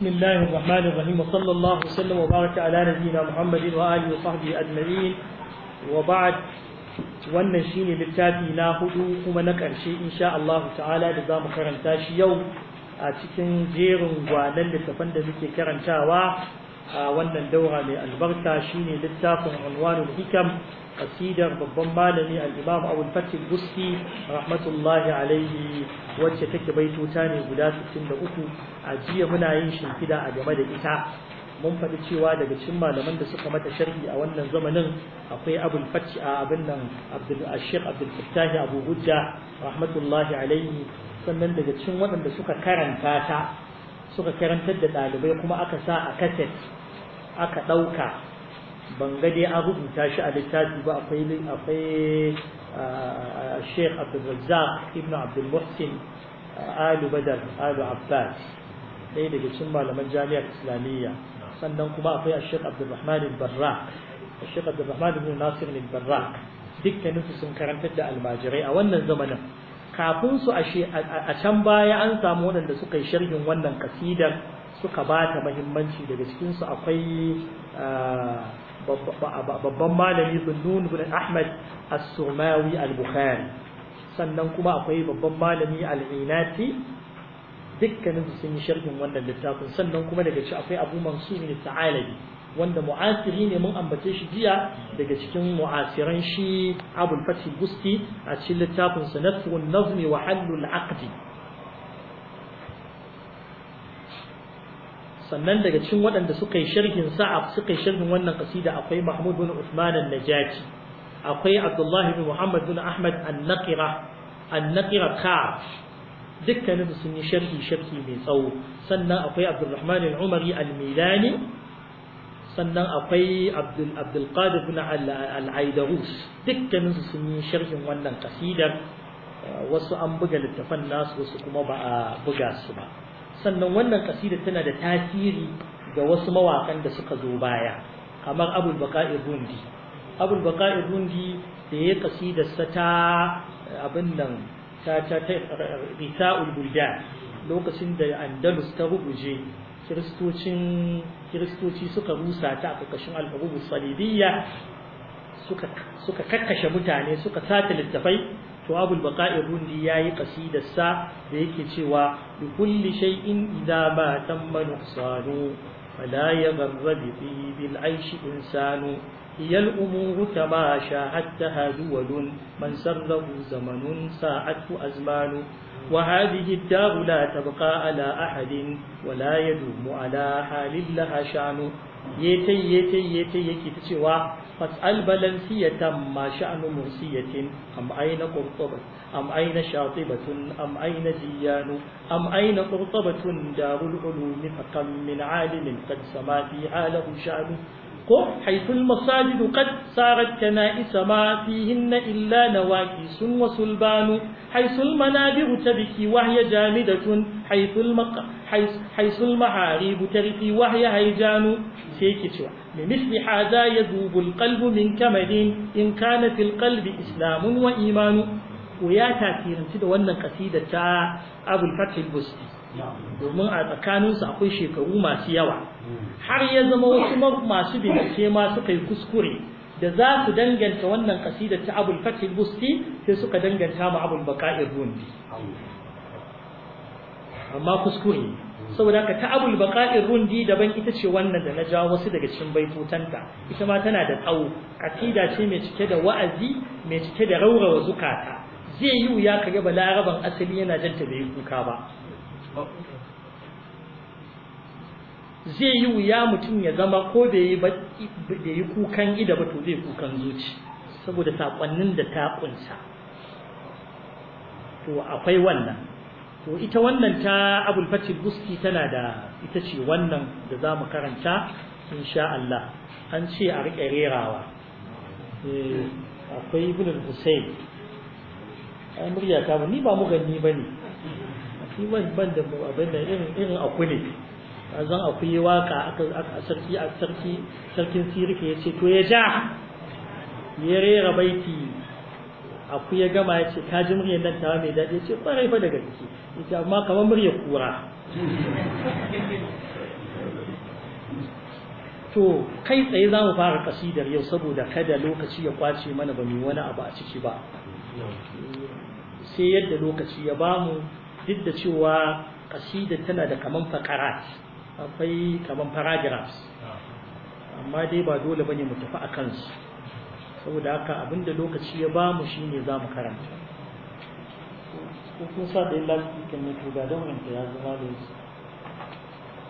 بسم الله الرحمن الرحيم وصلى الله وسلم وبارك على نبينا محمد وآله وصحبه أجمعين وبعد wannan shine littafi na hudu kuma na ƙarshe insha Allah ta'ala da zamu karanta shi yau a cikin jerin gwanan littafan da muke karantawa a wannan daura mai albarka shine littafin unwanul hikam ƙasidar babban malami alimam imam abul Buski, rahmatullahi alaihi wacce take baitota ne guda 63 a jiya muna yin shimfida a game da ita mun faɗi cewa daga cin malaman da suka mata sharhi a wannan zamanin akwai abul fath a abin nan abdul ashiq abu hujja rahmatullahi alaihi sannan daga cikin waɗanda suka karanta ta suka karantar da ɗalibai kuma aka sa a kaset aka ɗauka ban ga dai an rubuta shi a littafi ba akwai akwai Sheikh Abdul Razzaq Ibn Abdul Muhsin Alu Badar Alu Abbas ɗaya daga cikin malaman jami'ar Islamiyya sannan kuma akwai Sheikh Abdul Rahman Al-Barraq Sheikh Abdul Rahman Ibn Nasir Al-Barraq dukkanin su sun karanta da almajirai a wannan zamanin kafin su a can baya an samu waɗanda suka yi sharhin wannan kasidar suka ba ta muhimmanci daga cikinsu akwai babban malami sunnun bin ahmad as-surmawi al-bukhari sannan kuma akwai babban malami al-inati dukkanin su sun yi sharhin wannan littafin sannan kuma daga ci akwai abu mansur ne ta'alabi wanda mu'asiri ne mun ambace shi jiya daga cikin mu'asiran shi abul fatih gusti a cikin littafin sa nazmi wa halul aqdi sannan daga cikin waɗanda suka yi sharhin sa'a suka yi sharhin wannan kasida akwai Mahmud bin Usman al-Najati akwai Abdullah bin Muhammad bin Ahmad al-Naqira al-Naqira ka dukkanin sun yi sharhi sharhi mai tsawo sannan akwai Abdulrahman al-Umari al-Milani sannan akwai Abdul Abdul Qadir bin al-Aidarus dukkanin sun yi sharhin wannan kasidar wasu an buga littafan nasu wasu kuma ba a buga su ba sannan wannan kasida tana da tasiri ga wasu mawakan da suka zo baya kamar abul baka'ir rundi abul rundi da ya kasidarsa ta abin nan ta ta lokacin da andalus ta rubuje kiristocin kiristoci suka rusa ta a ƙarƙashin al'ubu salibiyya suka kakkashe mutane suka sata littafai to abul baqa'ir ya yi ƙasidar sa da yake cewa bi kulli shay'in idza ba tamma nuqsanu fala yaghra bi fihi bil aish insanu hiya al umur tabasha hatta hadwadun man sarrahu zamanun sa'atu azmanu وهذه الدار لا تبقى على أحد ولا يدوم على حال لها شأنه Yetai yetai yetai yake ta cewa fas'al balansiyatan ma sha'nu mursiyatin am aina qurtaba am aina shatibatun am aina jiyanu am aina qurtabatun darul ulum fa kam min alimin qad sama fi alahu sha'nu ko haythul masajidu qad sarat kana'is ma fihinna illa nawaqisun wa sulbanu haythul manabiru tabki wa hiya jamidatun haythul maqa haisul mahari tarfi wahya haijanu sai yake cewa bi misli ya yadubu alqalbu min kamalin in kana fil qalbi islamun wa imanu ko ya tasiranci da wannan kasida ta abul fath busti domin a tsakanin su akwai shekaru masu yawa har ya zama wasu masu binance ma suka yi kuskure da za su danganta wannan kasida ta abul busti sai suka danganta ma abul baqa'ir rundi amma kuskure saboda haka ta'abul baqa'ir rundi daban ita ce wannan da na ja wasu daga cikin baitotanta ita ma tana da tsawo aqida ce mai cike da wa'azi mai cike da raurawa zukata zai yi wuya ka ga balaraban asali yana janta bai kuka ba zai yi wuya mutum ya zama ko bai yi kukan ida ba to zai kukan zuci saboda saƙonnin da ta ƙunsa to akwai wannan to ita wannan ta abul fatih buski tana da ita ce wannan da za mu karanta insha Allah an ce a riƙe rerawa eh, akwai ibn al-husayn ai murya ta ni ba mu gani bane shi ban ban da abin da irin irin akule Zan akwai waka aka aka sarki sarki sarkin sirike yace to ya ja ya rera baiti aku ya gama ya ce kaji muryar nan tawa mai daɗi ce kwarai fa da gaske yace amma kamar muryar kura to kai tsaye za mu fara kasidar yau saboda kada lokaci ya kwace mana ba mu wani abu a ciki ba sai yadda lokaci ya bamu duk da cewa kasida tana da kaman fakarat akwai kaman paragraphs amma dai ba dole bane mu tafi a kansu saboda haka abinda lokaci ya ba mu shine za mu karanta ko kun sa da illa cikin ne ga don wanda ya zama da yanzu.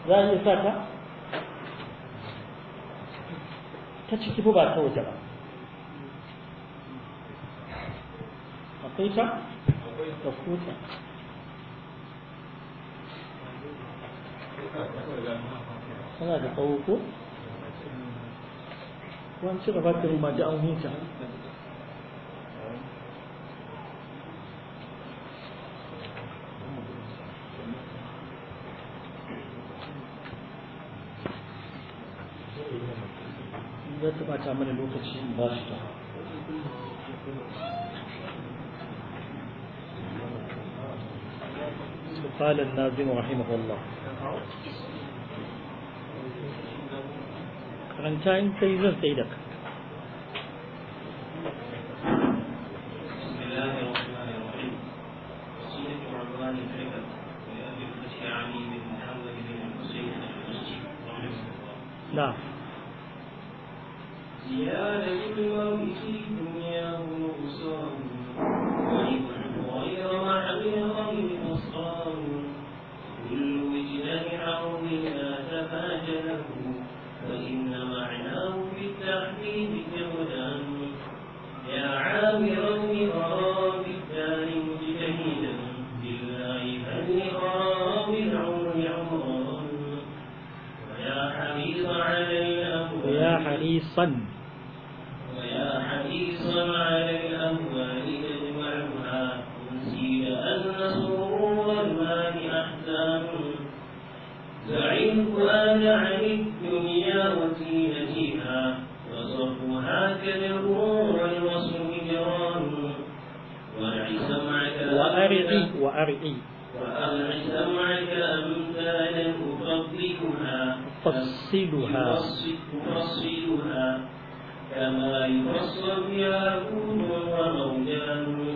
za a iya sa ta ta ciki ba ta waje ba akwai ta ta kuta tana da tsawo ko wani ci gaba da ruma da an huta za ta bata mana lokaci ba shi ta قال الناظم رحمه الله ranta in kai zan sai da ka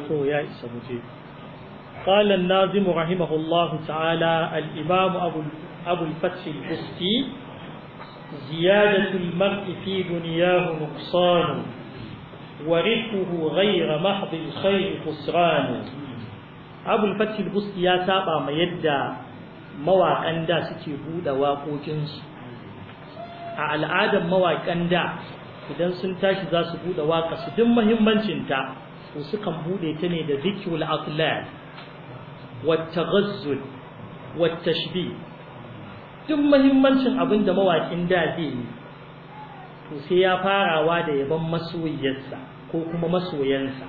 سو يا سمجي قال الناظم رحمه الله تعالى الإمام أبو, أبو الفتح البستي زيادة المرء في دنياه نقصان ورثه غير محض الخير خسران أبو الفتح البستي يا سابع ما يدى mawaƙan da suke بودا waƙoƙinsu a al'adar mawaƙan da idan sun tashi za su واقا waƙa su duk muhimmancinta to sukan bude ta ne da zikrul atlal wat taghazzul wat tashbih duk muhimmancin abin da mawakin da zai yi to sai ya farawa da yaban masoyiyarsa ko kuma masoyansa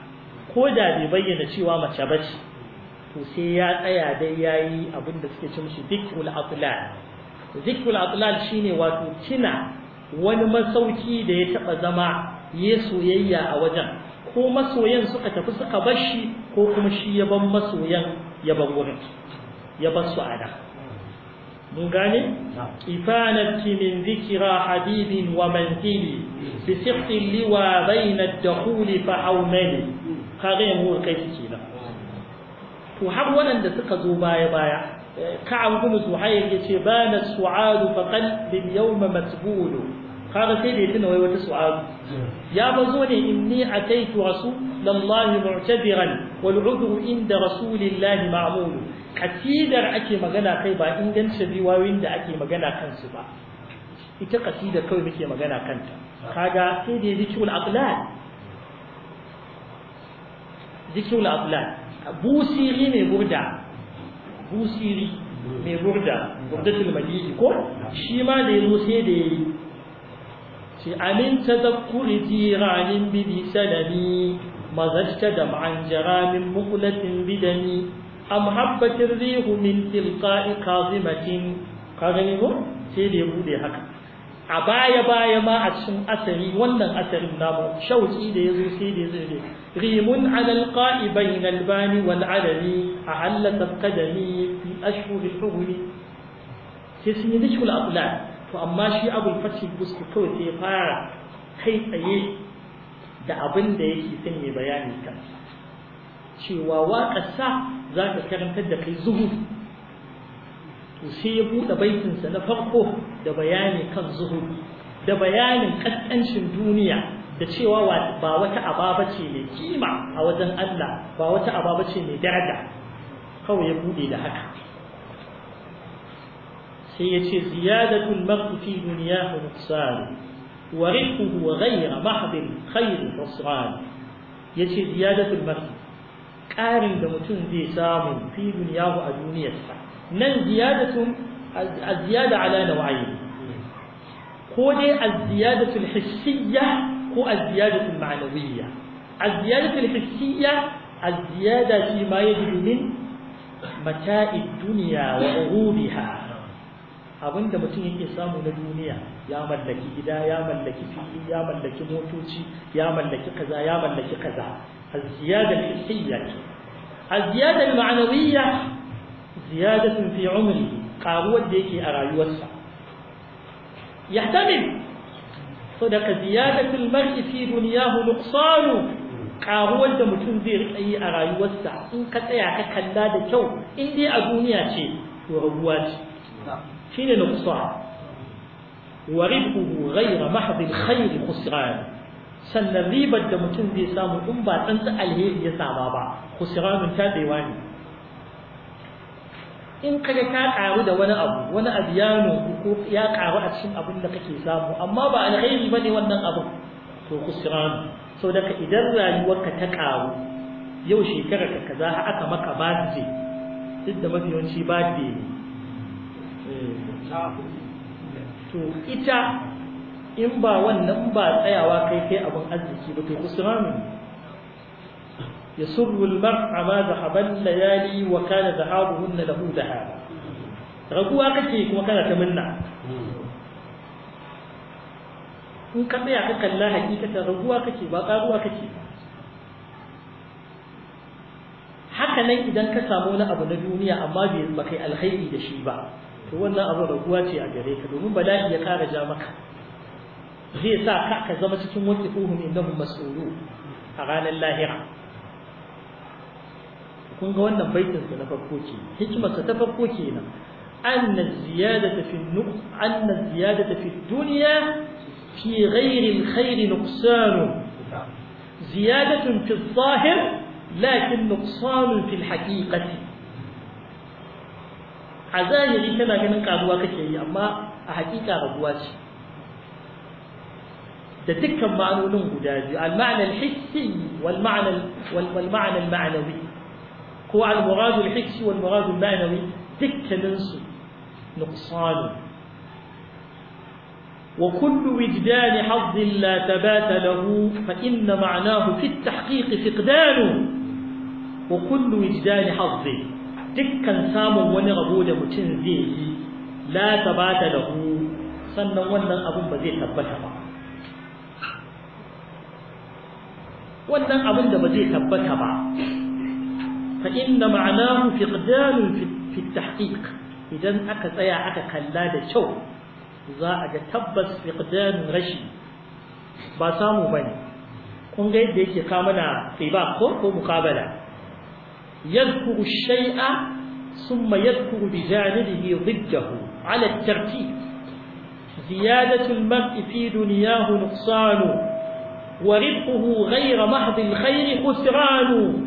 ko da bai bayyana cewa mace bace to sai ya tsaya dai yayi abin da suke ce mishi zikrul zikrul shine wato kina wani masauki da ya taɓa zama ya soyayya a wajen ko masoyan suka tafi suka bar shi ko kuma shi ya ban masoyan ya ban wurin ya bar su a mun gane ifanati min zikira habibin wa manzili bi siqtin liwa bayna ad-dukhul fa awmali kage mu kai shi kenan to har waɗanda suka zo baya baya eh, ka'ab bin suhayl yace bana su'adu fa qalbin yawma matbulu kaga sai da ya tuna wai wata su'abu ya bazo ne inni ataitu rasulullahi mu'tabiran wal udhu inda rasulillahi ma'mulu kasidar ake magana kai ba ingancin riwayoyin da ake magana kansu ba ita kasidar kawai muke magana kanta kaga sai da ya zikirul aqlal aqlan aqlal busiri mai burda busiri mai burda burdatul majiji ko shi ma da yazo sai da yayi ce amin tazakkuri jiranin bidi sanami mazajta da ma'an jaramin mukulatin bidani am habbatin rihu min tilqa'i kazimatin ka gani ko ya bude haka a baya baya ma a cikin asari wannan asarin namu shauki da yazo sai da yazo ne rimun alal qa'i bainal bani wal alani fi to amma shi abul fathi busti kawai sai ya fara kai tsaye da abin da yake son ya bayani kan cewa waƙarsa za ta karantar da kai zuhu to sai ya buɗe baitinsa na farko da bayani kan zuhu da bayanin ƙasƙancin duniya da cewa ba wata ababa ce mai kima a wajen Allah ba wata ababa ce mai daraja kawai ya buɗe da haka سيتي زيادة المرء في دنياه نقصان ورفقه وغير محض خير نصران يتي زيادة المرء كارم دمتون ذي سام في دنياه أدوني نن زيادة الزيادة على نوعين قولي الزيادة الحسية هو الزيادة المعنوية الزيادة الحسية الزيادة فيما يجب من متاع الدنيا وغرورها abin da mutum yake samu na duniya ya mallaki gida ya mallaki fili ya mallaki motoci ya mallaki kaza ya mallaki kaza الزيادة الحسية الزيادة المعنوية زيادة في عمره قاوة ديك أراي وسع يحتمل صدق زيادة المرء في دنياه نقصان قاوة دمتون ذير أي أراي وسع إن كتايا كلا دكو إن دي أدونيا شيء وربوات shine nuqsan wa ribhu ghayra mahd al khusran sannan ribar da mutum zai samu in ba tsantsa alheri ya sama ba khusranun tabewa ne in kaga ka karu da wani abu wani abu ya ko ya karu a cikin abin da kake samu amma ba alheri bane wannan abin to khusran sau daga idan rayuwarka ta karu yau shekarar ka kaza aka maka birthday duk da mafi yawanci birthday ne to ita in ba wannan ba tsayawa kai kai abin arziki ba to kusurami ya surrul mar'a ma zahaban layali wa kana zahabuhunna lahu zahaba raguwa kake kuma kana ta minna in ka tsaya ka kalla hakikatan raguwa kake ba karuwa kake haka nan idan ka samu wani abu na duniya amma bai kai alkhairi da shi ba to wannan abin raguwa ce a gare ka domin bala'i ya kara ja maka zai sa ka ka zama cikin wani uhun innahum mas'ulu a ranar lahira kun ga wannan baitin sa na farko ke hikimar sa ta farko kenan anna ziyadata fi nuqs anna ziyadata fi dunya fi ghairi alkhair nuqsan ziyadatun fi adh-dhahir lakin nuqsan fi al a zahiri kana ganin karuwa kake yi amma a hakika raguwa ce da dukkan ma'anonin guda biyu al-ma'na al-hissi wal ma'na wal ma'na al-ma'nawi ko al-murad al-hissi wal murad al-ma'nawi dukkanin su nuqsan wa kullu wijdan hadd la tabata lahu fa inna ma'nahu fi at-tahqiq fiqdanu wa kullu wijdan hadd dukkan samun wani rabo da mutum zai yi la tabata lahu sannan wannan abin ba zai tabbata ba wannan abin da ba zai tabbata ba fa inna ma'anahu mu fi tahqiq idan aka tsaya aka kalla da kyau za a ga tabbas fiqdanun rashi ba samu bane kun ga yadda yake ka mana tsiba ko ko mukabala يذكر الشيء ثم يذكر بجانبه ضده على الترتيب زيادة المرء في دنياه نقصان وربحه غير محض الخير خسران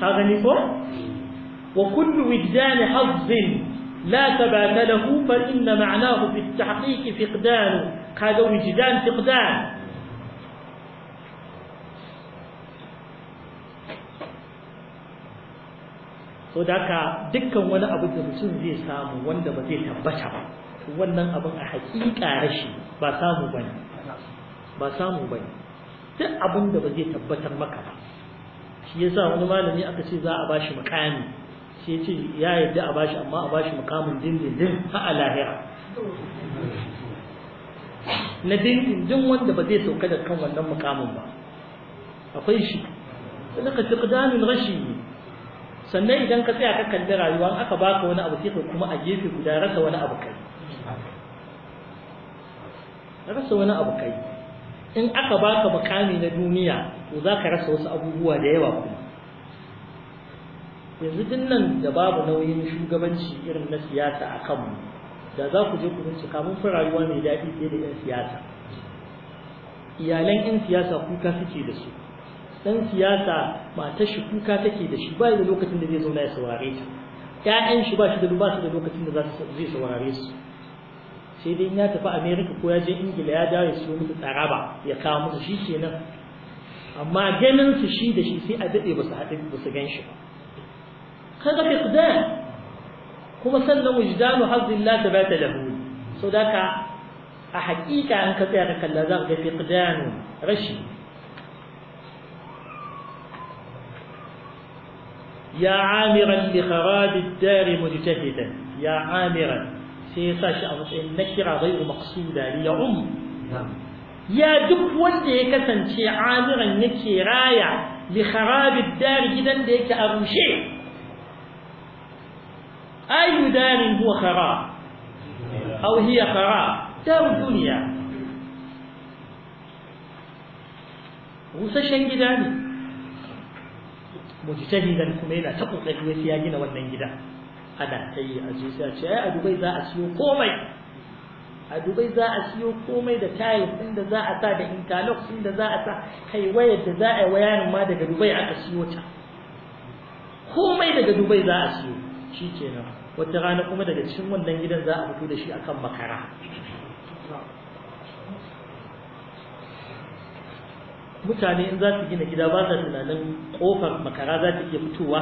قال وكل وجدان حظ لا ثبات له فإن معناه في التحقيق فقدان هذا وجدان فقدان so da ka dukkan wani abu da mutum zai samu wanda ba zai tabbata ba wannan abin a hakika rashi ba samu bane ba samu bane duk abin da ba zai tabbatar maka ba shi yasa wani malami aka ce za a bashi mukami shi ya ce ya yadda a bashi amma a bashi mukamin dindindin ha a lahira na dindindin wanda ba zai sauka da kan wannan mukamin ba akwai shi sadaka tiqdamin rashi sannan idan ka tsaya ka kalli rayuwa aka baka wani abu sai kuma a gefe guda rasa wani abu kai rasa wani abu kai in aka baka makami na duniya to za ka rasa wasu abubuwa da yawa kuma yanzu din nan da babu nauyin shugabanci irin na siyasa a kanmu da za ku je ku zance kamun fi rayuwa mai daɗi fiye da 'yan siyasa iyalan 'yan siyasa kuka suke da su dan siyasa ba shi kuka take da shi ba da lokacin da zai zauna ya saurare ta ƴaƴan shi ba shi da ba da lokacin da zai saurare su sai dai ya tafi America ko ya je Ingila ya dawo ya siyo musu taraba ya kawo musu shi kenan amma ganin su shi da shi sai a dade ba su haɗe ba su gan shi ba kaga fiqdan kuma sannan wujdanu hazzillah tabata lahu so daka a haƙiƙa an ka tsaya ka kalla za ka ga fiqdanu rashi يا عامرا لخراب الدار مجتهدا يا عامرا سيساش أمسين النكرة غير مقصودة ليعم يا دك وندي كسن عامرا نكي رايا لخراب الدار جدا ديك أبو شيء أي دار هو خراب أو هي خراب دار الدنيا وسشن جداني mujtahidan kuma yana ta kokari sai ya gina wannan gida ana ta yi a zuciya ce ai a Dubai za a siyo komai a Dubai za a siyo komai da tiles din da za a sa da interlock din da za a sa kai wayar da za a yi wayarin ma daga Dubai aka siyo ta komai daga Dubai za a siyo shikenan wata rana kuma daga cikin wannan gidan za a fito da shi akan makara mutane in za su gina gida ba sa tunanin kofar makara za ta iya fitowa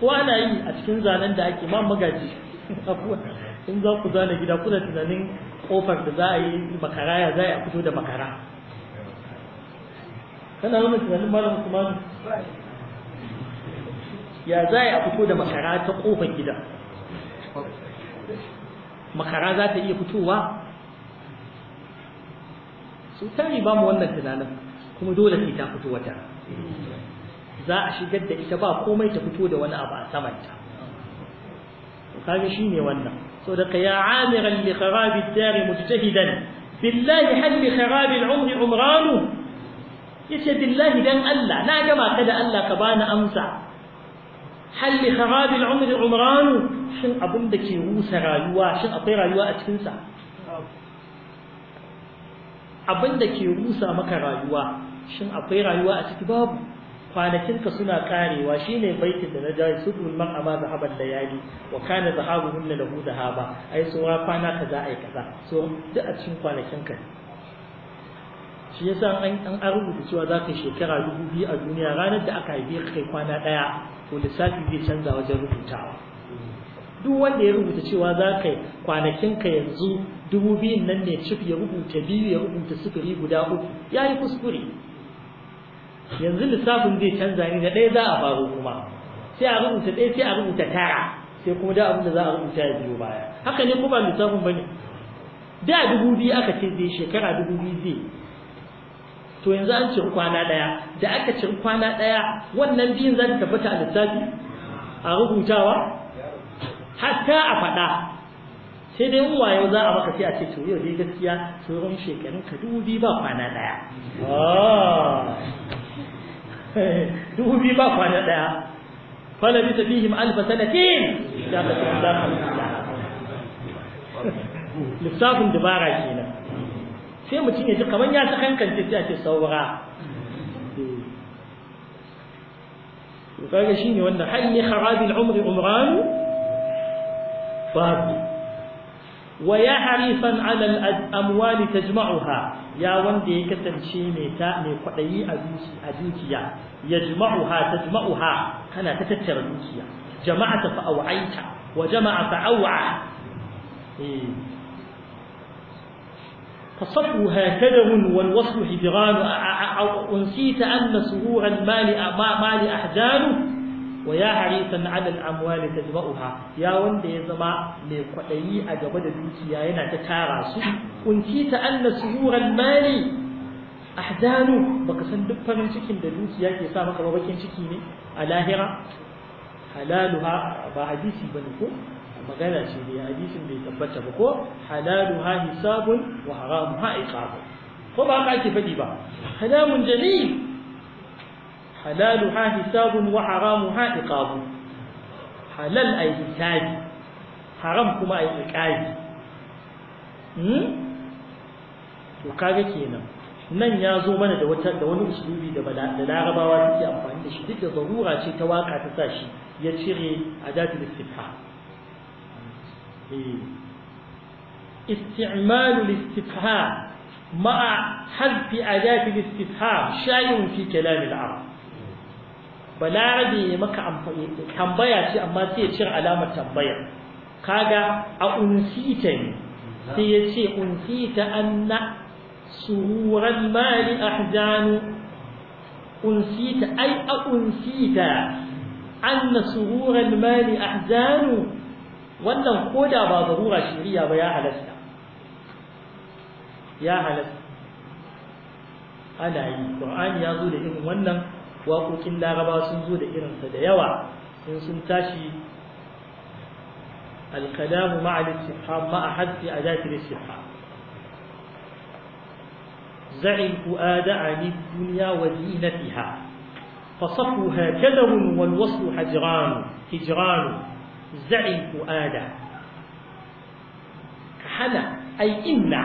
ko ana yi a cikin zanen da ake ma magaji in za ku zana gida kuna tunanin kofar da za a yi makara ya za a fito da makara kana nuna tunanin malam usman ya za a fito da makara ta kofar gida makara za ta iya fitowa su tari ba mu wannan tunanin kuma dole sai ta fito wata za a shigar da ita ba komai ta fito da wani abu a samanta kaga ne wannan sau da ya amiran li kharab ad mujtahidan billahi hal li kharab umranu yace billahi dan Allah na gama ka da Allah ka bani amsa hal li kharab al umranu shin abin da ke rusa rayuwa shin akwai rayuwa a cikin sa abin da ke rusa maka rayuwa shin akwai rayuwa a ciki babu kwanakinka suna karewa Shi ne baitin da na ɗin man mar'a ma da yari wa kana zahabuhunna lahu zahaba ai sura kwana ka za a yi kaza so duk a cikin kwanakinka shi yasa an an rubuta cewa za ka shekara dubu biyu a duniya ranar da aka haife ka kai kwana ɗaya ko lissafi zai canza wajen rubutawa duk wanda ya rubuta cewa za ka kwanakin ka yanzu dubu biyun nan ne cif ya rubuta biyu ya rubuta sufuri guda uku ya yi kuskure yanzu lissafin zai canza ni da ɗaya za a faru kuma sai a rubuta ɗaya sai a rubuta tara sai kuma da abin da za a rubuta ya biyo baya haka ne kuma lissafin ba ne. da dubu biyu aka ce zai shekara dubu biyu zai to yanzu an ciri kwana ɗaya da aka ciri kwana ɗaya wannan biyun za ta tabbata a lissafi a rubutawa hatta a faɗa sai dai uwa wayo za a maka sai a ce to yau dai gaskiya sauran shekarun ka dubu biyu ba kwana ɗaya ah. dubu biyu ba kwana ɗaya Fala bi fihim alfa sanatin ya ta lissafin dubara kenan sai mutum ya ji kamar ya saka hankali sai a ce saura eh. kaga ne wannan hanyar ni kharabil umri umran فرد ويعرفا على الأموال تجمعها يا وندي كتن شي ميتا مي قدي ادوشي ادوكيا يجمعها تجمعها كان تتتر دوكيا جمعت فأوعيت وجمع فأوعى إيه. فصفه هكذا والوصل حفظان أنسيت أن سرور المال مال أحجانه wa ya harisan ala al-amwali tajma'uha ya wanda ya zama mai kwadayi a gaba da dukiya yana ta tara su kunti ta anna suhuran mali ahdanu baka san duk farin cikin da dukiya ke sa maka bakin ciki ne a lahira halaluha ba hadisi bane ko magana ce da hadisin bai tabbata ba ko halaluha hisabun wa haramuha iqab ko ba ka ake fadi ba kalamun jamil حلالها حساب وحرامها عقاب حلال أي حساب حرام كما أي عقاب to kaga kenan nan ya zo mana da wata da wani usulubi da da larabawa suke amfani da shi duk da zarura ce ta waka ta sa shi ya cire adatul istifha استعمال الاستفهام مع حذف أداة الاستفهام شيء في كلام العرب balarabe ya maka tambaya ce amma sai ya cire alamar tambaya kaga a unsita ne sai ya ce unsita anna sururan mali ahzanu unsita ai a unsita anna sururan mali ahzanu wannan koda ba zarura shari'a ba ya halasta ya halasta ana yi qur'ani ya zo da irin wannan waƙoƙin laraba sun zo da irinsa da yawa in sun tashi alkadamu ma'al istifham ma'a haddi a zafi istifham za'in ku fu'ada ani duniya wa zinatiha فصفها كدر والوصل حجران هجران زعي فؤادا كحنا أي إمنع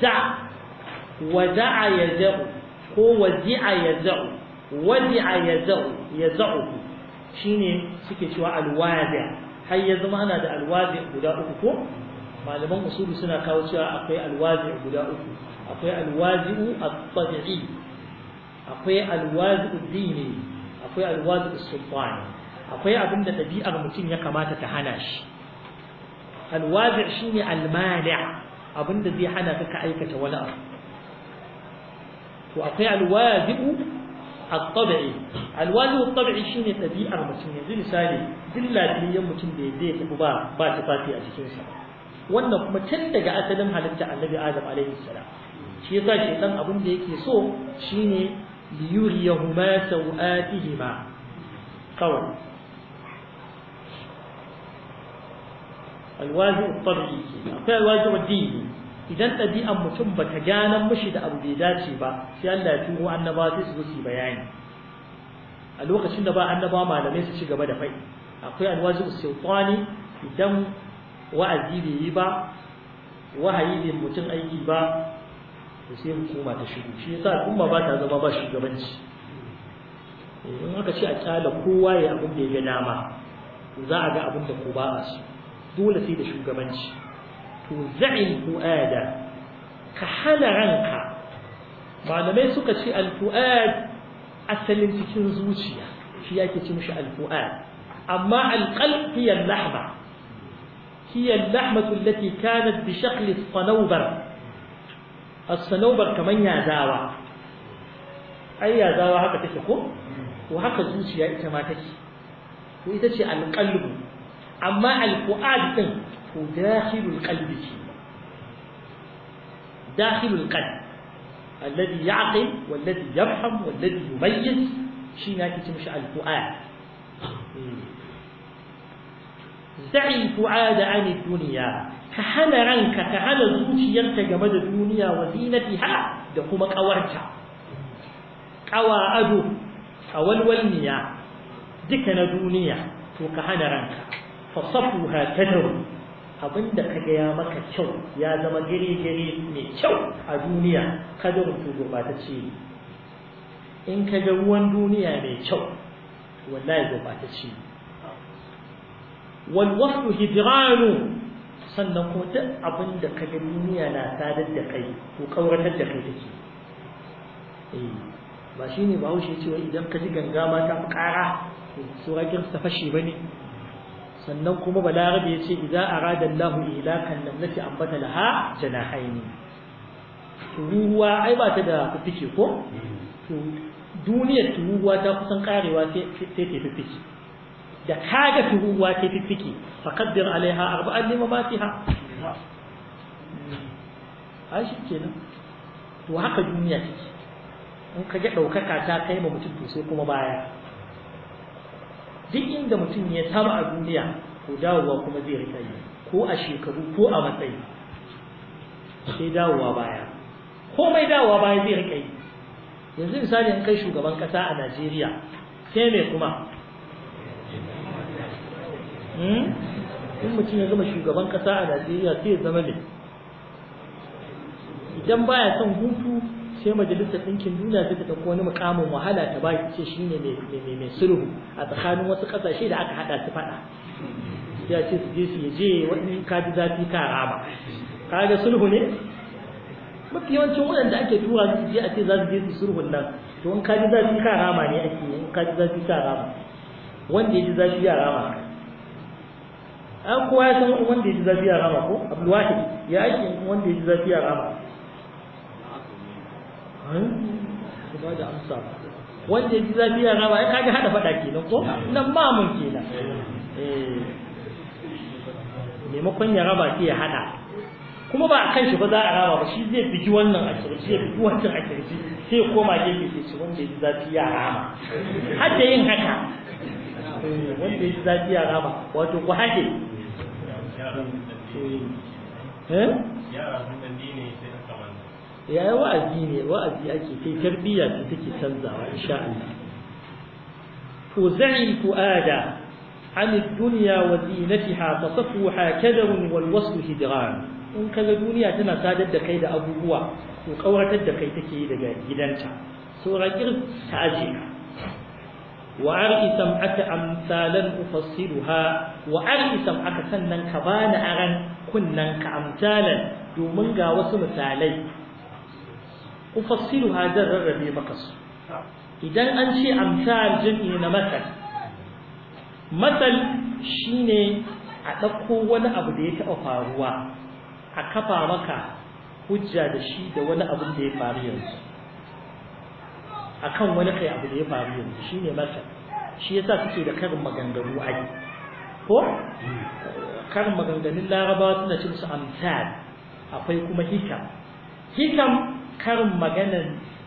زع ودع يزع هو وزع za'u wadi'a yaz'u yaz'u shine suke cewa alwadi' har ya zama ana da alwazi guda uku ko malaman usulu suna kawo cewa akwai alwazi guda uku akwai alwazi at-tabi'i akwai alwazi dini akwai alwazi sultani akwai abin da dabi'ar mutum ya kamata ta hana shi alwazi shine almani abin da zai hana ka aikata wani abu to akwai alwazi الطبيعي الواجب الطبيعي شنو تبي أربعة سنين زين سالي زين لا تني يوم متشين دي دي تبوا با تفاتي أشكين سالي وانا ما تنتع أتلم على تاع النبي آدم عليه السلام شيء ذا شيء لم أبون ديك يسوع شنو ليريهما سوآتهما قول الواجب الطبيعي فالواجب الديني idan ɗabi'an mutum ba ta gyanan mishi da abu bai dace ba sai Allah ya turo annaba sai su zo su bayani a lokacin da ba annaba malamai su ci gaba da fai akwai alwaji usultani idan wa'azi bai yi ba wahayi bai mutum aiki ba to sai hukuma ta shigo shi yasa al'umma ba ta zama ba shugabanci eh, in aka ce a kyala kowa ya abin da ya ga dama za a ga abin da ko ba a so dole sai da shugabanci توزع الفؤاد كحال عنك معنى ما يسوك الفؤاد أسل انت كنزوشي في أي تتمشى الفؤاد أما القلب هي اللحمة هي اللحمة التي كانت بشكل الصنوبر الصنوبر كمن يا داوة أي يا داوة هكا تتكون وهكا زوشي يا إتماتك وإذا القلب أما الفؤاد تنك وداخل القلب داخل القلب الذي يعقل والذي يفهم والذي يميز شيء ما تمشي الفؤاد دع الفؤاد عن الدنيا كحل رانك كحل زوجيرك جمد الدنيا وزينتها دقوم قورتها قوى أدو أولولنيا دكنا دنيا وكحل رانك فصفوها تدعو abin da ka gaya maka kyau ya zama gire-gire mai kyau a duniya kada rufu gurbatacce in ka ga ruwan duniya mai kyau wallahi gurbatacce wal wasu hidranu sannan kuma duk abin da ka ga duniya na sadar da kai ko kauratar da kai take eh, ba shi ne bahaushe cewa idan ka ji ganga ma ta fi ƙara to tsoron ta fashe ba ne sannan kuma balarabe ya ce a arada Allah ilakan na nati ambata jana haini turuwa ai ba ta da fifice ko duniyar turuwa ta kusan karewa sai ta fifice da kaga turuwa ta fifice faqaddir alaiha arba'an lima ma ha? a shi nan. to haka duniya ce. in ka ga ɗaukaka ta kai ma mutum to sai kuma baya duk inda mutum ya taba a duniya ko dawowa kuma zai rika yi ko a shekaru ko a matsayi sai dawowa baya Ko mai dawowa baya zai rika yi yanzu misali kai shugaban kasa a Najeriya sai mai kuma hmm? in mutum ya zama shugaban kasa a Najeriya sai ya zama ne idan baya son hutu sai Majalisa ɗinkin duniya ta tafi wani mukamin wahala ta ba ce shi ne mai sulhu a tsakanin wasu ƙasashe da aka haɗa su faɗa ya ce su je su je wani kaji zafi ka rama kaga sulhu ne mafi yawancin waɗanda ake tura su je a ce za su je su sulhun nan to in kaji zafi ka rama ne ake yi in kaji zafi ka rama wanda ya ji zafi ya rama an kowa ya san wanda ya ji zafi ya rama ko abdulwahid ya ake wanda ya ji zafi ya rama su hmm? ba da amsa wanda ya ji zafi ya raba ya kaga hada faɗa nan ko nan mamun kenan eh. maimakon ya raba sai ya hada kuma ba a kan shi ba za a raba ba shi zai fiji wannan a kirji zai fiji wancan a kirji sai koma gefe ke ci wanda ya ji zafi ya raba har da yin haka eh, wanda ya ji zafi ya raba wato ku hake? yara sun ne eh? ya wa'azi ne wa'azi ake kai tarbiyya ce take canzawa insha Allah فزعي فؤادا عن الدنيا وزينتها فصفوها كدر والوصل هدران in ka ga duniya tana sadar da kai da abubuwa to kauratar da kai take daga gidanta sura ta aje ka wa ar'i sam'aka amsalan ufassiluha wa ar'i sam'aka sannan ka bani aran kunnan ka amsalan domin ga wasu misalai ufassiluha zan rarrabe maka su idan an ce amsal jini na matal matal shine a ɗauko wani abu da ya taɓa faruwa a kafa maka hujja da shi da wani abu da ya faru yanzu A kan wani kai abu da ya faru yanzu shi ne matal shi ya sa suke da karin maganganu ai ko karin maganganun larabawa suna cin su amsal akwai kuma hikam hikam karin maganar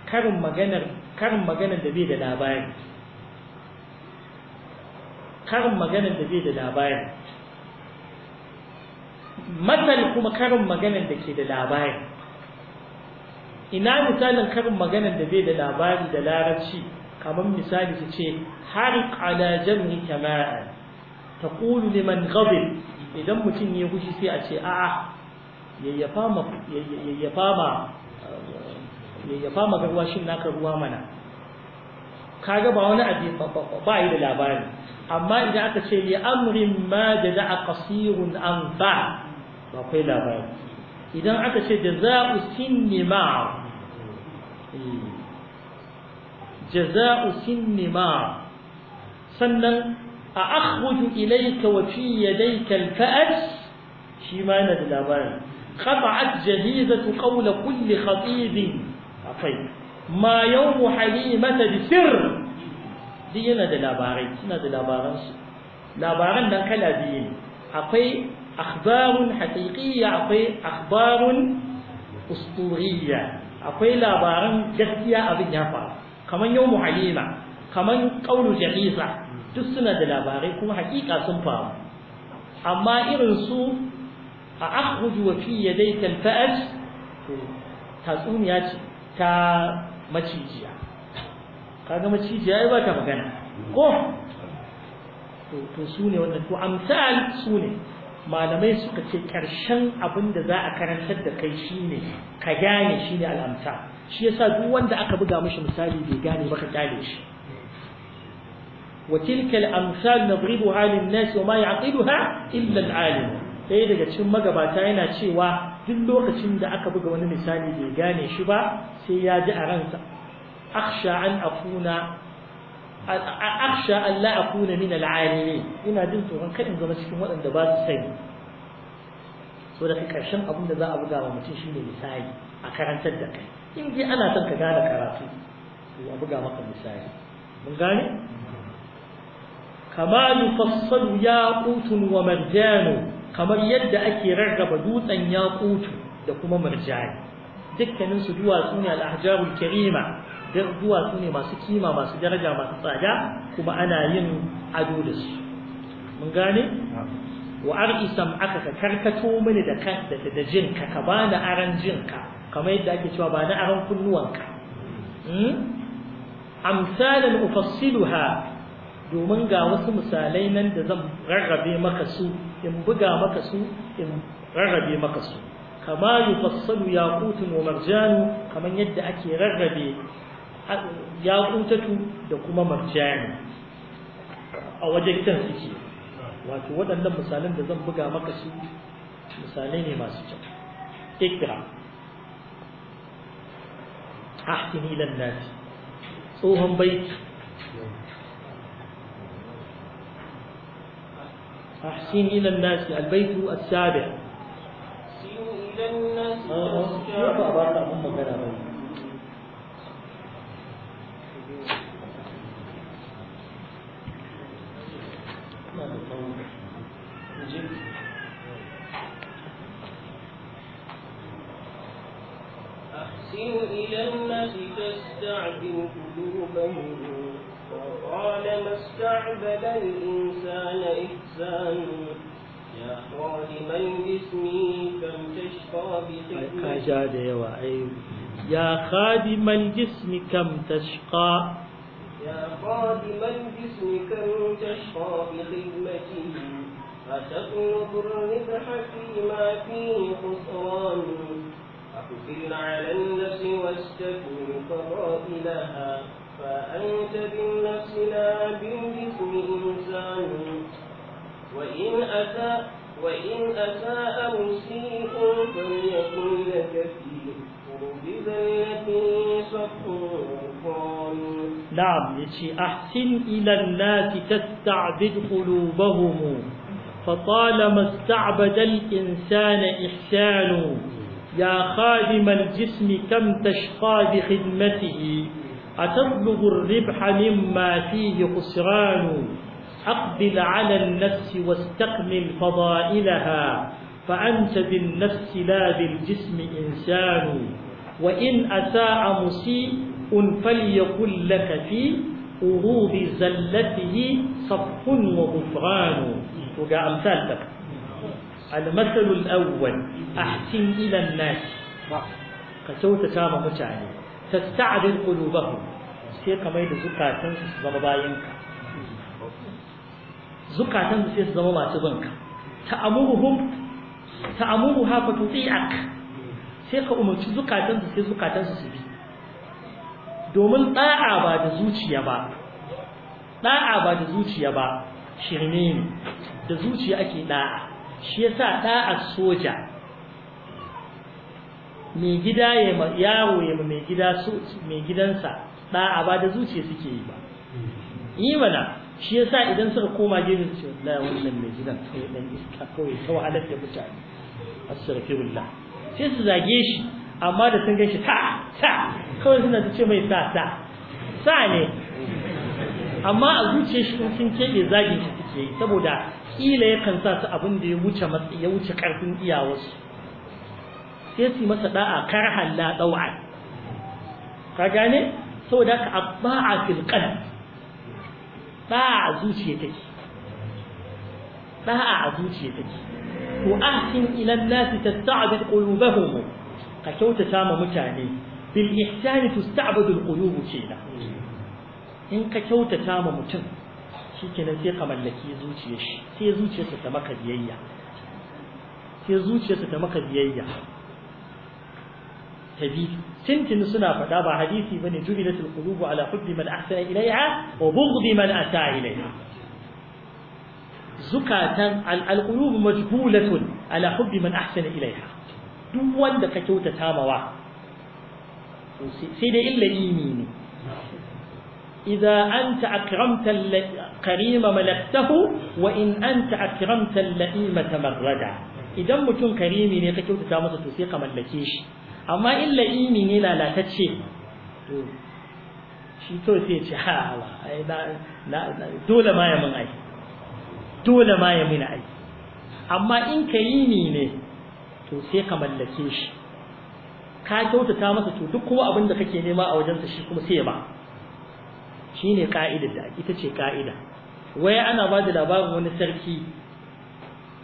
karin maganar karin maganar da bai da labari karin maganar da bai da labari matal kuma karin maganar da ke da labari ina misalin karin maganar da bai da labari da larabci kamar misali su ce har ala jami kama'a ta kulu liman gabin idan mutum ya gushi sai a ce a'a yayyafa ma ya fama ga ruwa shin naka ruwa mana kaga ba wani abu ba yi da labari amma idan aka ce li amrin ma jaza'a qasirun an ba ba kai labari idan aka ce jaza'u sinni ma jaza'u sinni ma sannan a akhruju ilayka wa fi yadayka al-fa'at shi ma yana da labari قطعت جهيزة قول كل خطيب munafukai ma yawmu halimata duk yana da labarai suna da labaran su labaran nan kala biyu ne akwai akhbarun haqiqiyya akwai akhbarun usturiyya akwai labaran gaskiya abin ya faru kamar yawmu halima kamar qaulu jahisa duk suna da labarai kuma haƙiƙa sun faru amma irin su a akhruju wa fi yadayka al-fa'at tatsuniya ce ta macijiya kaga macijiya ya ta magana ko to su ne wannan to amsal su ne malamai suka ce karshen abin da za a karantar da kai shine ka gane shine al'amsa shi yasa duk wanda aka buga mishi misali bai gane ba ka kyale shi وتلك الأمثال نضربها للناس وما يعقلها إلا العالم sai daga cikin magabata yana cewa duk lokacin da aka buga wani misali bai gane shi ba sai ya ji a ransa aksha an akuna akhsha la akuna min ina jin tsoron kaɗin in zama cikin waɗanda ba su sani so da karshen abin da za a buga wa mutum shine misali a karantar da kai in ji ana son ka gane karatu to a buga maka misali mun gane mm-hmm. kama ya yaqutun wa marjanu kamar yadda ake rarraba dutsen yakutu da kuma murjani dukkanin su duwatsu ne al-ahjarul karima duwatsu ne masu kima masu daraja masu tsada kuma ana yin ado da su mun gane wa ar'i aka ka karkato mini da kan da da jinka ka bani aran jinka kamar yadda ake cewa ba na aran kunnuwanka hmm? amsalan ufassiluha domin ga wasu misalai nan da zan rarrabe maka su in buga maka su in rarrabe maka su kama yufassalu yaqutun wa marjanu kaman yadda ake rarrabe yaqutatu da kuma marjani a wajen kan suke wato waɗannan misalan da zan buga maka su misalai ne masu kyau ikra ahsin lan nas tsohon baiti أحسن إلى الناس البيت السابع أحسن إلى الناس تستعبد قلوبهم قال ما استعبد الإنسان إحسان يا خادم الجسم كم تشقى بخدمة يا خادم الجسم كم تشقى يا خادم الجسم كم تشقى بخدمته أتطلب الربح فيما فيه خسران أقبل على النفس واستكن فضائلها فأنت بالنفس لا بالجسم إنسان وإن أتى وإن أتى مسيء فليكن لك في قرب التي صفوفان نعم يشي أحسن إلى الناس تستعبد قلوبهم فطالما استعبد الإنسان إحسان يا خادم الجسم كم تشقى بخدمته أتبلغ الربح مما فيه خسران أقبل على النفس واستكمل فضائلها فأنت بالنفس لا بالجسم إنسان وإن أساء مسيء فليقل لك في أروض زلته صفح وغفران وقع أمثال المثل الأول أحسن إلى الناس كسوت نعم. سامة متعلم tasta'dil qulubahum sai ka mai da zukatan su zama bayinka zukatan su sai su zama masu binka ta ta'amuruha fa tuti'ak sai ka umarci zukatan su sai zukatan su su bi domin ɗa'a ba da zuciya ba ɗa'a ba da zuciya ba shirme ne da zuciya ake ɗa'a, shi ya sa ɗa'a soja mai gida ya ma yawo ya ma mai gida su mai gidansa da'a ba da zuciya suke yi ba yi mana shi yasa idan suka koma gidan su la wannan mai gidan kawai dan iska kawai ta wahalar da mutane astaghfirullah sai su zage shi amma da sun ganshi ta ta kawai suna ta ce mai sa ta sa ne amma a zuciyar shi sun keɓe zagin shi suke yi saboda kila yakan sa su abin da ya wuce matsayi ya wuce karfin iyawarsu sai su masa da'a karhan la dau'an ka gane saboda ka abba'a fil qalb ba'a zuciya take da'a a zuciya take to ahsin ila an-nas tasta'bid qulubahum ka kyautata ma mutane bil ihsani tusta'bid al-qulub kenan in ka kyautata ma mutum shikenan sai ka mallaki zuciyar shi sai zuciyarsa ta maka biyayya sai zuciyarsa ta maka biyayya tabi tintin suna faɗa ba hadisi bane jubilatul qulubu ala hubbi man ahsana ilaiha wa bughdi man ata ilaiha zukatan al-qulubu majhulatun ala hubbi man ahsana ilaiha duk wanda ka kyautata mawa sai dai illa yini ne إذا أنت أكرمت الكريم ملكته وإن أنت أكرمت اللئيم تمردا إذا متون كريم ne ka kyautata masa to sai ka mallake shi amma in la'imi ne lalatacce to shi to sai ce ha dole ma ya mun ai dole ma ya muna ai amma in ka yi ni ne to sai ka mallake shi ka kyautata masa to duk kuma abin da kake nema a wajensa shi kuma sai ya ba shi ne ka'idar da ita ce ka'ida waya ana ba da labarin wani sarki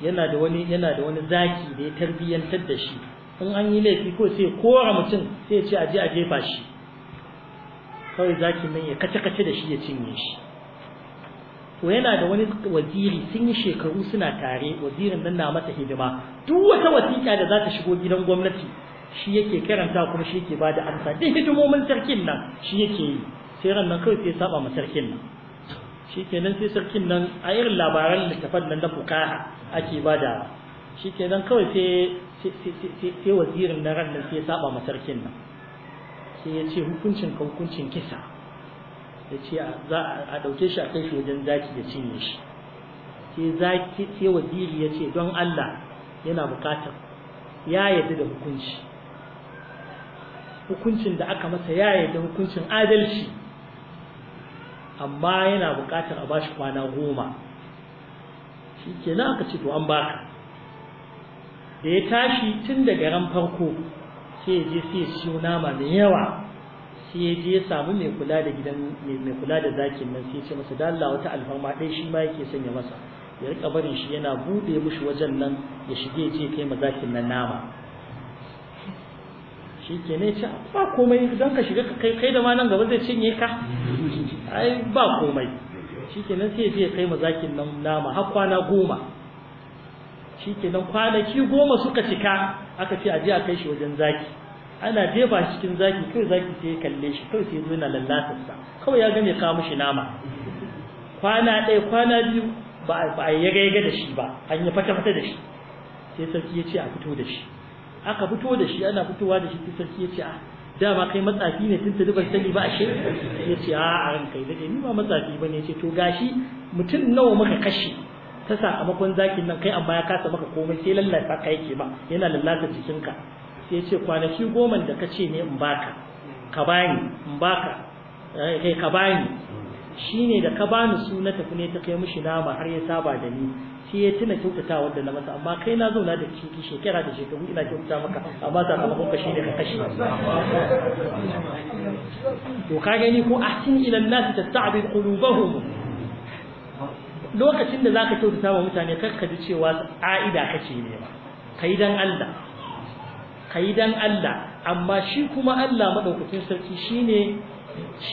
yana da wani yana da wani zaki da ya tarbiyyantar da shi in an yi laifi ko sai kora mutum sai ce aje a jefa shi kawai zaki nan ya kace-kace da shi ya cinye shi to yana da wani waziri sun yi shekaru suna tare wazirin nan na masa hidima duk wata wasiƙa da za ta shigo gidan gwamnati shi yake karanta kuma shi yake bada amsa duk hidimomin sarkin nan shi yake yi sai ran nan kawai sai saba ma sarkin nan shikenan sai sarkin nan a irin labaran littafan nan da fukaha ake bada shikenan kawai sai sai wazirin na ran nan sai ya saba ma sarkin nan sai ya ce hukuncin ka hukuncin kisa ya ce za a ɗauke shi a kai shi wajen zaki da cinye shi sai waziri ya ce don Allah yana bukatar ya yadda da hukunci hukuncin da aka masa ya yadda hukuncin adalci amma yana bukatar a bashi kwana goma shi ke aka ce to an baka da ya tashi tun daga ran farko sai ya je sai ya siyo nama mai yawa sai ya je ya samu mai kula da gidan mai kula da zakin nan sai ya ce masa da Allah wata alfarma ɗaya shi ma yake sanya masa ya rika barin shi yana bude mushi wajen nan ya shige ce kai ma zakin nan nama shi ke ne ce ba komai don ka shiga kai kai da ma nan gaba zai cinye ka ai ba komai shi ke nan sai ya je kai ma zakin nan nama har kwana goma shi nan kwanaki goma suka cika aka ce a a kai shi wajen zaki ana jefa shi cikin zaki kai zaki sai ya kalle shi kai sai ya zo yana lallatarsa kawai ya ga mai kawo mishi nama kwana ɗaya kwana biyu ba a ga yaga da shi ba an yi fata-fata da shi sai sarki ya ce a fito da shi aka fito da shi ana fitowa da shi sai sarki ya ce a ah, dama kai matsafi ne tun tudu ban sani ba ashe ya ce a a kai yi daɗe ni ba matsafi ba ne ce to gashi mutum nawa muka kashe ta makon zakin nan kai amma ya kasa maka komai sai lallasa ka yake ba yana lallasa jikinka sai ya ce kwanaki goma da ka ce ne in ka bani in baka eh, kai ka bani shine da ka bani su na tafi ne ta kai mishi nama har ya saba da ni sai ya tuna kyautata wanda na masa amma kai na zauna da ciki shekara da shekaru ina kyautata maka amma sakamakon ka shine ka kashe to ka gani ko ahsin ila an-nas qulubahum lokacin da zaka kyautata wa mutane kar ka ji cewa a'ida kace ne ba kai dan Allah dan Allah amma shi kuma Allah maɗaukacin sarki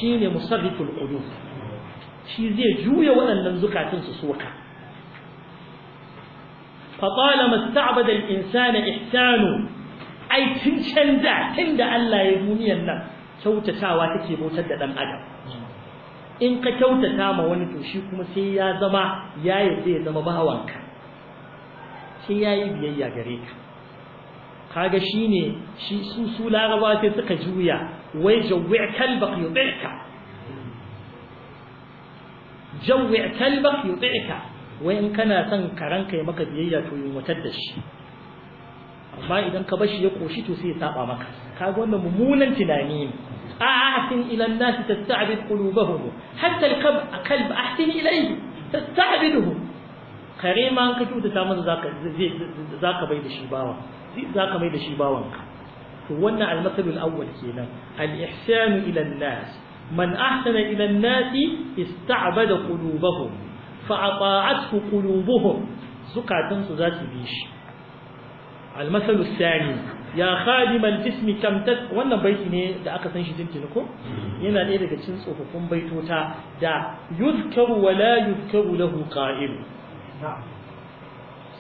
shi ne musarriful qulub shi zai juya waɗannan zukatun su soka fa talama ista'bada insana ihsanu ai tun canza tun da Allah ya duniyar nan kyautatawa take bautar da ɗan adam in ka kyautata ma wani to shi kuma sai ya zama ya yadda ya zama bawanka sai ya yi biyayya gare ka kaga shi ne shi su su laraba sai suka juya wai jawwi kalbak yuti'ka jawwi kalbak yuti'ka wai in kana son karanka ya maka biyayya to watar da shi amma idan ka bashi ya koshi to sai ya saba maka kaga wannan mummunan tunani ne ahsin ila an-nas tasta'bid qulubahum hatta al-qalb ahsin ilayhi tasta'biduhu kare ma an ka kyautata masa zaka zaka bai da shi bawa zaka mai da shi bawanka to wannan al-masal awwal kenan al-ihsan ila an-nas man ahsana ila an-nas ista'bada qulubahum fa ata'athu qulubuhum zukatansu za su bi shi المثل Sani ya خادم الجسم كم wannan baiti ne da aka san shi jinkin ko yana ɗaya daga cikin tsofaffin baitota da yuzkaru wa la yuzkaru lahu qa'il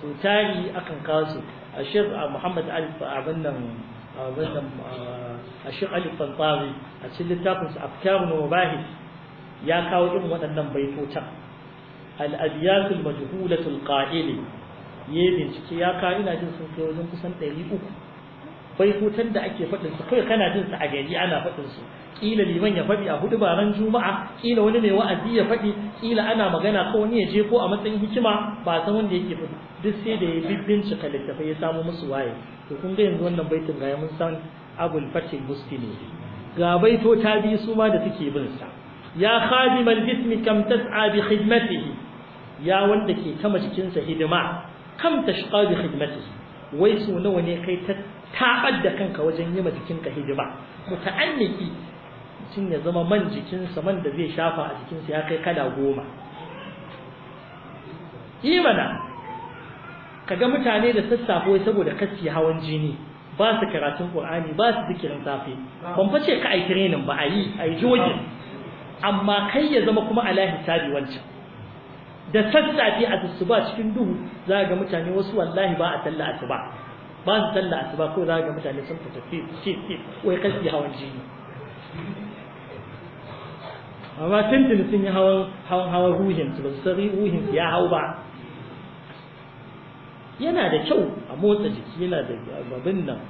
so tari akan kasu a shek muhammad alif abin nan a fantari a cikin littafin sa afkarun mubahis ya kawo irin waɗannan baitotan al-abyat majhulatul majhulat ya bincike ya kawo ina jin sun kai wajen kusan ɗari uku bai hutun da ake faɗin su kawai kana jin su a gari ana faɗin su kila liman ya faɗi a hudu ba ran juma'a kila wani mai wa'azi ya faɗi kila ana magana ko wani ya je ko a matsayin hikima ba san wanda yake faɗi duk sai da ya bincika littattafai ya samu musu waye to kun ga yanzu wannan baitin ga mun san abul fatih muslimi ga baito ta bi su ma da suke bin sa ya khadimal jismi kam tas'a bi khidmatihi ya wanda ke kama sa hidima kam tashqa bi hidimati wai su nawa ne kai ta tabar da kanka wajen yi ma jikinka hidima muta'anniki mutum ya zama man jikinsa man da zai shafa a jikinsa ya kai kala goma imana kaga mutane da sassafe saboda kasi hawan jini ba su karatun qur'ani ba su zikirin safe ban fa ce ka ai training ba a yi jogin amma kai ya zama kuma ala hisabi wancan da sassafe a asuba cikin duhu za ga mutane wasu wallahi ba a talla asuba ba su talla asuba ko za ga mutane sun fita fi fi fi wai kasi hawan jini amma tuntuni sun yi hawan hawan hawan ruhin su ba su sari ruhin su ya hau ba yana da kyau a motsa jiki yana da babin nan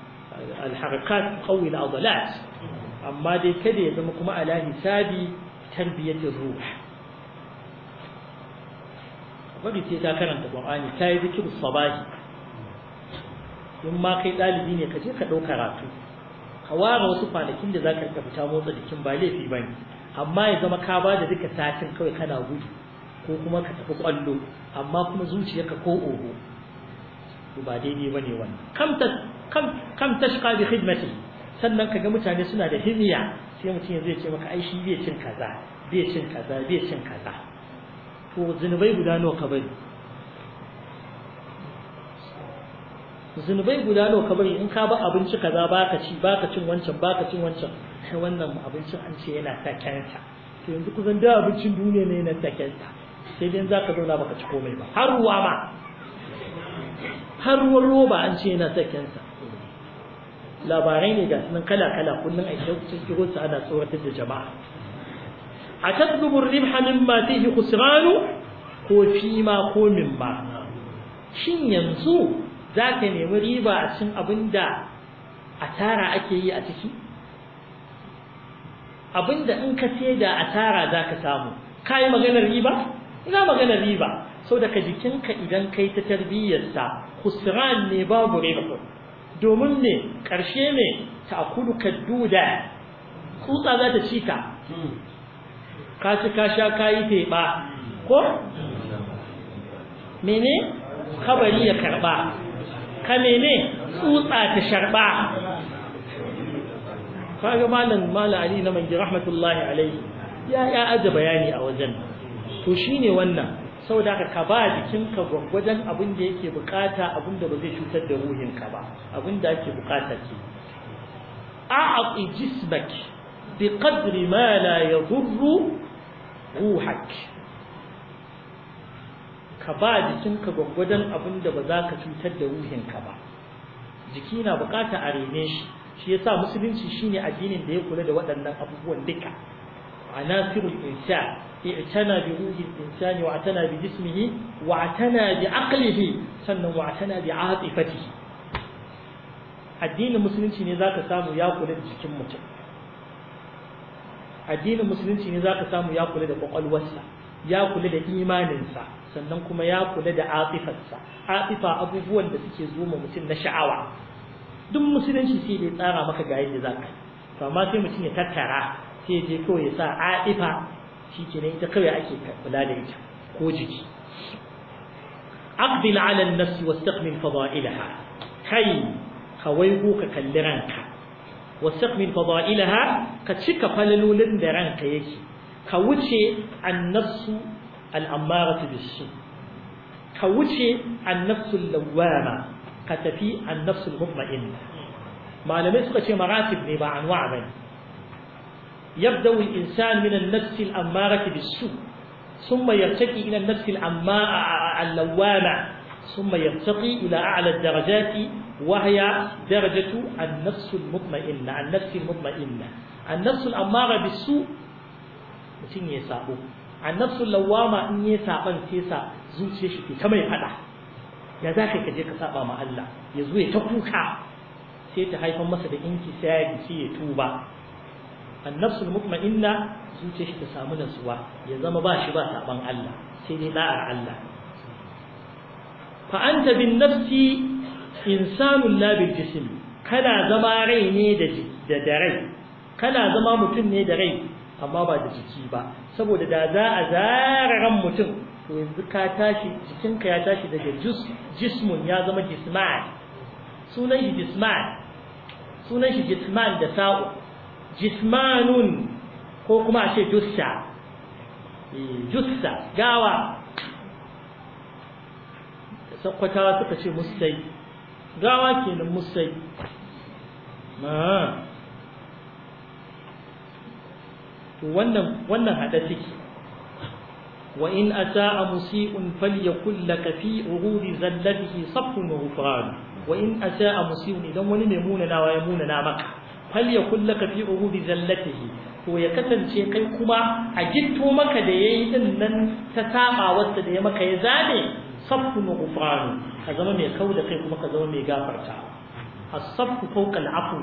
alharakat kawai na amma dai kada ya zama kuma Alahi sabi tarbiyatin ruha bari ce ta karanta qur'ani ta yi zikir sabahi in ma kai ɗalibi ne ka je ka ɗau karatu ka ware wasu kwanakin da za ka rika fita motsa jikin ba laifi ba ne amma ya zama ka ba da duka satin kawai kana gudu ko kuma ka tafi ƙwallo amma kuma zuciyarka ko oho to ba daidai ba ne wannan kam ta kam sannan mutane suna da himiya sai mutum ya zai ce maka ai shi bai cin kaza bai cin kaza bai cin kaza ko zunubai guda nawa ka bari zunubai guda nawa ka bari in ka ba abinci kaza baka ci baka cin wancan baka cin wancan sai wannan abincin an ce yana takenta to yanzu kusan da abincin duniya ne yana takenta sai dai zaka zauna baka ci komai ba har ruwa ma har ruwa roba an ce yana takenta labarai ne ga sunan kala kala kullun a cikin ana tsoratar da jama'a a tatlubu ribha mimma fihi khusranu ko fi ma ko ba? shin yanzu zaka nemi riba a abin da asara ake yi a ciki da in ka da asara zaka samu yi maganar riba ina maganar riba sau ka jikinka idan kai ta tarbiyyarsa kusuran ne babu riba domin ne karshe ne ta ka duda. Kutsa za ta ci ka ka ci ka sha ka yi teɓa ko mene kabari ya karɓa ka mene tsutsa ta sharɓa kaga malam malam ali na mangi rahmatullahi alaihi ya ya aje bayani a wajen to shine wannan saboda haka ka ba ka gwagwajen abin da yake bukata abin da ba zai cutar da ruhinka ba abin da ake bukata ce a a jismaki بقدر ما لا يضر روحك ka ba jikinka gwaggwadon abin da ba za ka cutar da ruhinka ba jiki na bukata a rene shi shi yasa musulunci shine addinin da ya kula da waɗannan abubuwan duka anasirul insan i'tana bi ruhil insani wa atana bi jismihi wa atana bi aqlihi sannan wa atana bi atifatihi addinin musulunci ne zaka samu ya kula da jikin mutum addinin musulunci ne zaka samu ya kula da kwakwalwarsa ya kula da imaninsa sannan kuma ya kula da atifarsa atifa abubuwan da suke zo ma mutum na sha'awa duk musulunci sai dai tsara maka ga yadda za ka to amma sai mutum ya tattara sai je kawai ya sa atifa ne ita kawai ake kula da ita ko jiki aqbil ala an-nafs wastaqbil fada'ilaha kai kawai ko ka kalli ranka واستقبل فضائلها شك فللولن دران كيكي كوتشي النفس الأمارة بالسوء كوتشي النفس اللوامة كتفي النفس المطمئنة ما لم يسقط مراتب نباع عن وعبا يبدأ الإنسان من النفس الأمارة بالسوء ثم يرتقي إلى النفس اللوامة ثم يرتقي إلى أعلى الدرجات وهي درجة النفس المطمئنة النفس المطمئنة النفس الأمارة بالسوء mutum ya sabo annafsu lawama in ya saban sai sa zuciyar shi ta mai fada ya za ka je ka saba ma Allah ya zo ya ta kuka sai ta haifar masa da inki sai sai ya tuba annafsu mutma'inna zuciyar shi ta samu nasuwa ya zama ba shi ba saban Allah sai dai da'ar Allah fa anta bin nafsi insanun la bil jism kana zama rai ne da rai kana zama mutum ne da rai amma ba da jiki ba saboda da za a zara ran mutum to yanzu ka tashi jikinka ya tashi daga jus jismun ya zama jisman sunan shi jisman sunan shi jisman da sa'u jismanun ko kuma a ce jussa eh, jussa gawa sakkwatawa suka ce musai gawa kenan musai to wannan wannan hada take wa in ataa musii'un falyakul laka fi ughuri zallatihi saffun wa ghufran wa in ataa musii'un idan wani mai muna munanawa ya munana maka falyakul laka fi ughuri zallatihi to ya kasance kai kuma a gitto maka da yayi din nan ta saba wasta da ya maka ya zane as-saffu maghfran ka zama mai da kai kuma ka zama mai gafarta as-saffu fawqa al-'afw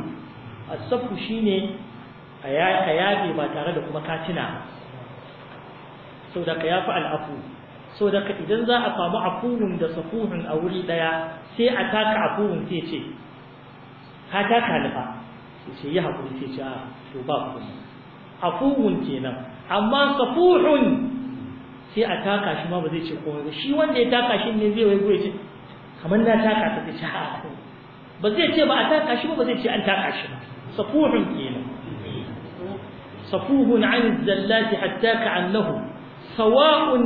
as-saffu shine ka yafe ba tare da kuma katina saboda ka yafi al-'afw saboda ka idan za a samu afuwun da safuhun a wuri daya sai a taka afuwun sai ce ka taka nufa sai yi haƙuri sai ce a to ba ku afuwun kenan amma safuhun sai a taka shi ma ba zai ce komai ba shi wanda ya taka shi ne zai waigo ya ce kamar na taka ta ce ha ba zai ce ba a taka shi ba ba zai ce an taka shi ba safuhun kenan safuhun an zallati hatta ka'an lahu sawa'un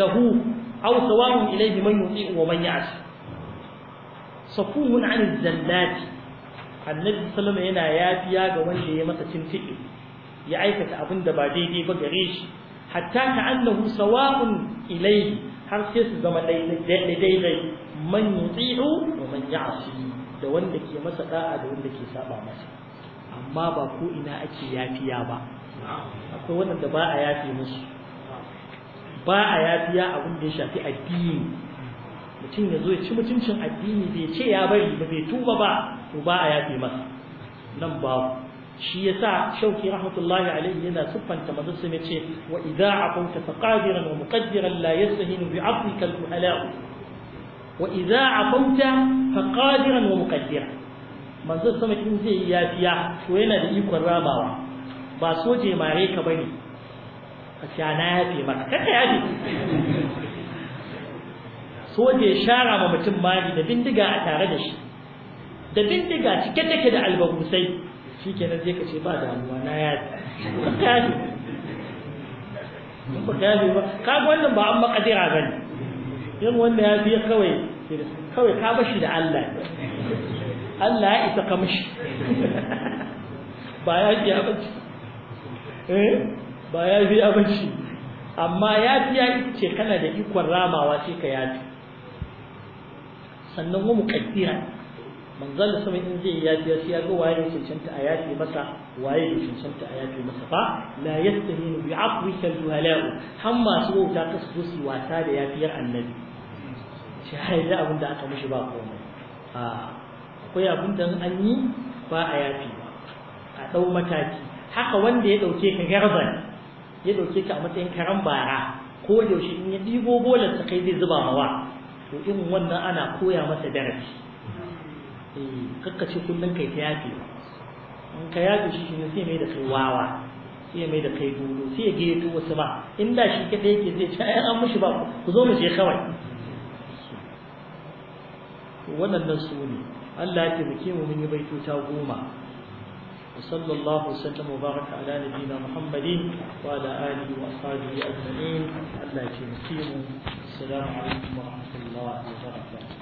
lahu aw sawa'un ilayhi man yuti wa man ya'si safuhun an zallati annabi sallama yana yafiya ga wanda ya masa cin ya aikata abin da ba daidai ba gare shi hatta annahu sawa'un ilayhi har sai su zama daidai man yuti'u wa man ya'si da wanda ke masa da'a da wanda ke saba masa amma ba ko ina ake yafiya ba akwai wanda ba a yafi musu ba a yafiya abin da ya shafi addini mutum ya zo ya ci mutuncin addini bai ce ya bari ba bai tuba ba to ba a yafi masa nan babu shi ya yasa shauki rahmatullahi alaihi yana siffanta manzon sai ce wa idza aquta faqadiran wa muqaddiran la yastahinu bi afwika al-ala wa idza aquta faqadiran wa muqaddiran manzon sama in zai yi yafiya to yana da ikon rabawa ba soje mare ka bane a na yafe maka kaka yafe soje shara ma mutum mali da bindiga a tare da shi da bindiga cike take da albagusai shi kenan zai ka ce ba damuwa na ya kare in ba kare ba kaga wannan ba an makadira ba ne yin wanda ya fiye kawai kawai ka bashi da Allah Allah ya isa kamashi, ba ya fiye abinci eh ba ya fiye abinci amma ya fiya ce kana da ikon ramawa ce ka yafi sannan wa muqaddira manzon sama in zai yafi sai ya ga waye cancanta a yafi masa waye da cancanta a yafi masa fa la yastahin bi aqwi kal duhalau han su wauta ka su su wasa da yafiyar annabi shi hai da abin da aka mishi ba komai a akwai abin da an yi ba a yafi ba a dau mataki haka wanda ya dauke ka garban ya dauke ka a matsayin karan bara ko yaushe in ya dibo bolar sa kai zai zuba mawa to irin wannan ana koya masa darasi Eh, kakkace kullum kai ta yafe in ka yafe shi ne sai mai da kai wawa sai mai da kai dudu sai ya geto wasu ba in da shi kada yake zai ci ai an mushi ba ku zo mu je kawai waɗannan su ne Allah ya taimake mu mun yi ta goma وصلى الله وسلم وبارك على نبينا محمد وعلى آله وأصحابه أجمعين الله يجزيهم السلام عليكم ورحمة الله وبركاته